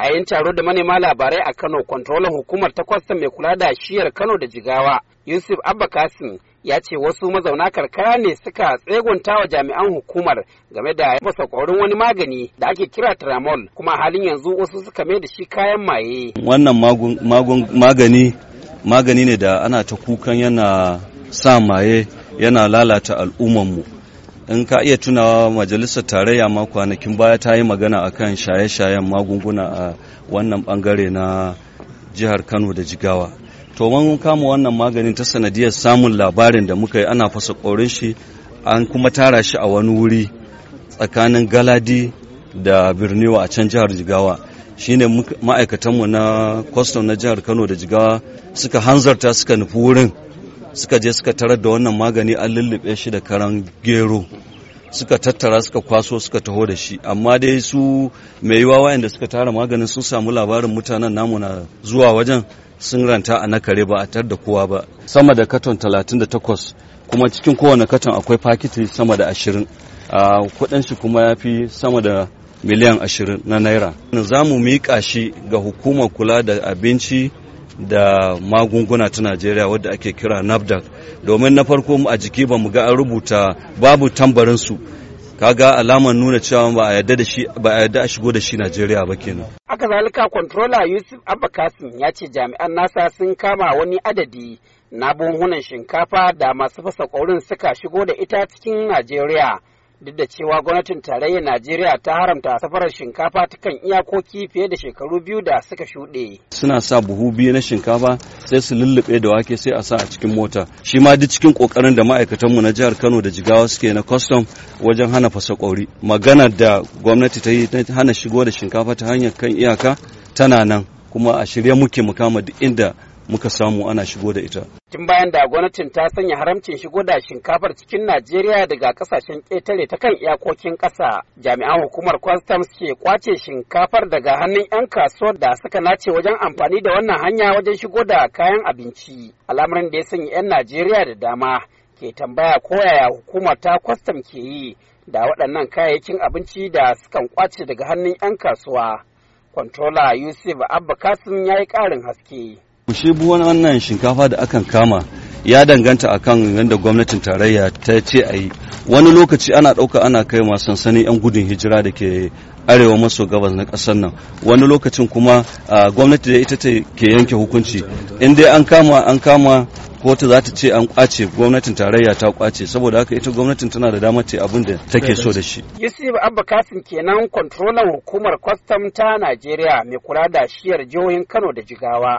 a yayin taro da manema labarai a Kano kontrolan hukumar ta kwastan mai kula da shiyar Kano da Jigawa Yusuf Abba Kasim ya ce wasu mazauna karkara ne suka tsegunta wa jami'an hukumar game da masa kwarin wani magani da ake kira tramol kuma halin yanzu wasu suka mai da shi kayan maye. Wannan magani magani ne da ana ta kukan yana sa maye yana lalata al'ummanmu in ka iya tunawa majalisar tarayya ma kwanakin baya ta yi magana a kan shaye-shayen magunguna a wannan bangare na jihar kano da jigawa to mun kama wannan maganin ta sanadiyar samun labarin da muka yi ana fasa korin shi an kuma tara shi a wani wuri tsakanin galadi da birniwa a can jihar jigawa shine ma'aikatanmu na kwastam na jihar kano da jigawa suka hanzarta suka nufi wurin suka je suka tarar da wannan magani an lullube shi da karan gero suka tattara suka kwaso suka taho da shi amma dai su mai yiwa wayanda suka tara maganin sun samu labarin mutanen namu na zuwa wajen sun ranta a nakare ba a tar da kowa ba sama da katon 38 kuma cikin kowane katon akwai fakiti sama da 20 a kudin shi kuma ya fi sama da miliyan 20 na naira za mu miƙa shi ga hukumar kula da abinci da magunguna ta najeriya wadda ake kira nafdac domin na farko a jiki ba mu ga an rubuta babu tambarin su kaga alamar nuna cewa ba a yarda da shi ba a yarda a shigo da shi Najeriya ba kenan. Haka zalika controller Yusuf Abba Kasim ya ce jami'an NASA sun kama wani adadi na buhunan shinkafa da masu fasa ƙaurin suka shigo da ita cikin Najeriya duk da cewa gwamnatin tarayyar najeriya ta haramta safarar shinkafa ta kan iyakoki fiye da shekaru biyu da suka shuɗe suna sa buhu biyu na shinkafa sai su lullube da wake sai a sa a cikin mota shi ma duk cikin kokarin da ma'aikatanmu na jihar kano da jigawa suke na custom wajen hana fasa kwauri magana da gwamnati ta yi ta hana shigo da shinkafa ta hanyar kan iyaka tana nan kuma a shirye muke mu kama duk inda muka samu ana shigo da ita. Tun bayan da gwamnatin ta sanya haramcin shigo da shinkafar cikin Najeriya daga kasashen ƙetare ta kan iyakokin ƙasa, jami'an hukumar kwastam ke kwace shinkafar daga hannun 'yan kasuwar da suka nace wajen amfani da wannan hanya wajen shigo da kayan abinci. Al'amarin da ya sanya 'yan Najeriya da dama ke tambaya ko yaya hukumar ta kwastam ke yi da waɗannan kayayyakin abinci da sukan kwace daga hannun 'yan kasuwa. Kwantola Yusuf Abba Kasim ya yi ƙarin haske. Kushe buwan wannan shinkafa da akan kama ya danganta a akan yadda gwamnatin tarayya ta ce a yi wani lokaci ana ɗauka ana kai ma sansanin 'yan gudun hijira da ke arewa maso gabas na ƙasar nan wani lokacin kuma gwamnati da ita ce ke yanke hukunci in dai an kama an kama kotu za ta ce an kwace gwamnatin tarayya ta kwace saboda haka ita gwamnatin tana da damar ce abin da take so da shi. Yusuf Abba Kasim kenan kwantrolan hukumar kwastam ta Najeriya mai kula da shiyar jihohin Kano da Jigawa.